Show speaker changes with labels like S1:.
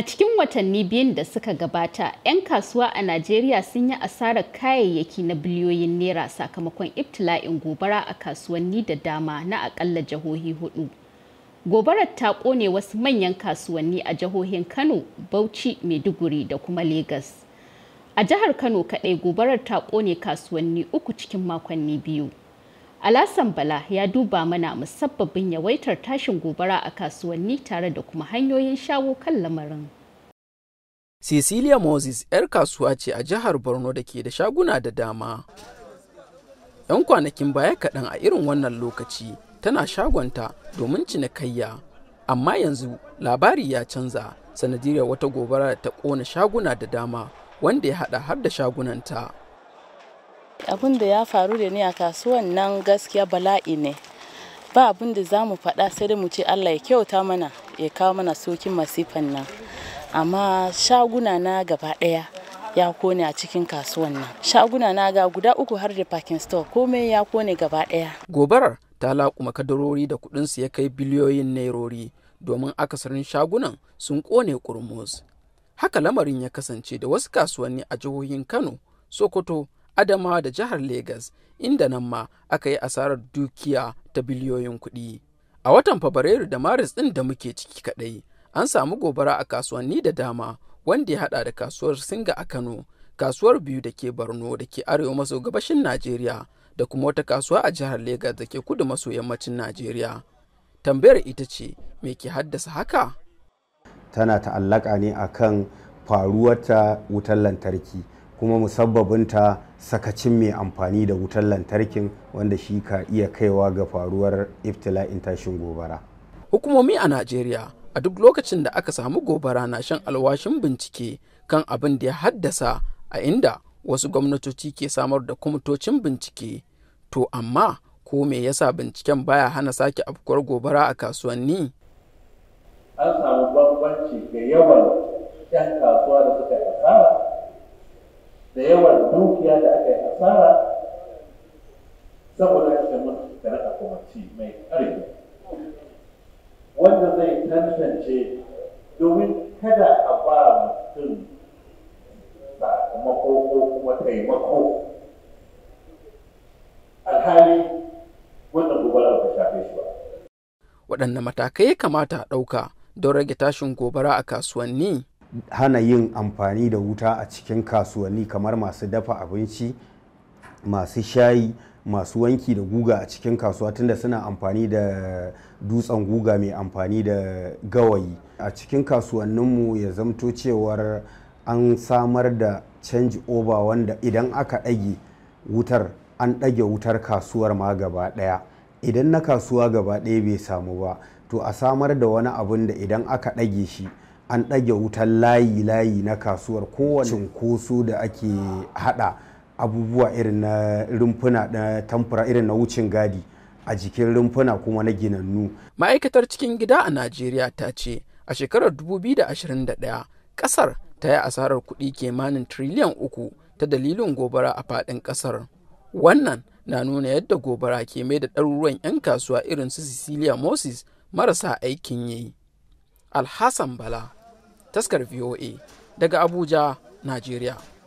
S1: A cikin watanni biyun da suka gabata, 'yan kasuwa a Najeriya sun yi asarar kayayyaki na biliyoyin naira sakamakon ibtila'in gobara a kasuwanni da dama na akalla jihohi hudu. Gobarar ta kone wasu manyan kasuwanni a jihohin Kano, Bauchi, Maiduguri da kuma Legas. A jihar Kano kaɗai gobarar ta kone kasuwanni uku cikin makonni biyu. Alasan Bala ya duba mana musabbabin yawaitar tashin gobara a kasuwanni tare da kuma hanyoyin shawo kan
S2: lamarin. Cecilia Moses 'yar kasuwa ce a jihar Borno da ke da shaguna da dama. 'Yan kwanakin baya kaɗan a irin wannan lokaci tana shagonta domin cinikayya. Amma yanzu labari ya canza sanadiyar wata gobara da ta ƙona shaguna da dama wanda ya haɗa har da shagunanta.
S1: abin da ya faru da ni a kasuwan nan gaskiya bala'i ne ba abin da za mu faɗa sai da mu ce allah ya kyauta mana ya kawo mana sokin masifan nan amma shaguna na gaba ɗaya ya kone a cikin kasuwan nan shaguna na ga guda uku har da parking store komai ya kone gaba ɗaya
S2: gobarar ta laƙuma kadarori da kuɗin su ya kai biliyoyin nairori domin akasarin shagunan sun kone kurmus haka lamarin ya kasance da wasu kasuwanni a jihohin kano sokoto Adamawa da jihar Legas, inda nan ma aka yi asarar dukiya ta biliyoyin kuɗi. A watan Fabrairu da Maris ɗin da muke ciki kaɗai, an samu gobara a kasuwanni da dama wanda ya haɗa da kasuwar Singa a Kano, kasuwar biyu da ke Borno da ke arewa maso gabashin Najeriya da kuma wata kasuwa a jihar Legas da ke kudu maso yammacin Najeriya. Tambayar ita ce, me ke haddasa haka?
S3: Tana ta'allaka ne akan faruwar ta wutar lantarki. kuma musabbabinta sakacin mai amfani da wutar lantarkin wanda shi ka iya kaiwa ga faruwar iftila'in tashin gobara
S2: hukumomi a najeriya a duk lokacin da aka samu gobara na shan alwashin bincike kan abin da ya haddasa a inda wasu gwamnatoci ke samar da kwamitocin bincike to amma ko me yasa binciken baya hana sake afkuwar gobara a kasuwanni
S3: an samu bambanci da yawan da yawan dukiya da aka yi asara saboda aka mutu da raka kwamaci mai ƙarfi wanda zai tantance domin kada a ba mutum sakamako ko kuma taimako alhali wannan gobara ba shafe shi ba
S2: waɗanne matakai ya kamata a ɗauka don rage tashin gobara a
S3: kasuwanni hana yin amfani da wuta a cikin kasuwanni kamar masu dafa abinci masu shayi masu wanki da guga a cikin kasuwa tunda suna amfani da dutsen guga mai amfani da gawayi a cikin kasuwanninmu ya zamto cewar an samar da canji over wanda idan aka ɗage wutar an ɗage wutar kasuwar ma gaba ɗaya idan na kasuwa gaba ɗaya bai samu ba to a samar da wani abun da idan aka ɗage shi an ɗage wutan layi-layi na kasuwar kowane cinkoso da ake hada abubuwa irin na rumfuna da tamfura irin na wucin gadi a jikin rumfuna kuma na ginannu.
S2: ma'aikatar cikin gida a najeriya ta ce a shekarar 2021 kasar ta yi asarar kuɗi kimanin triliyan uku ta dalilin gobara a faɗin kasar wannan na nuna yadda gobara ke mai da ɗaruruwan 'yan kasuwa irin su cecilia moses marasa aikin yi alhassan bala taskar VOA daga Abuja, Najeriya.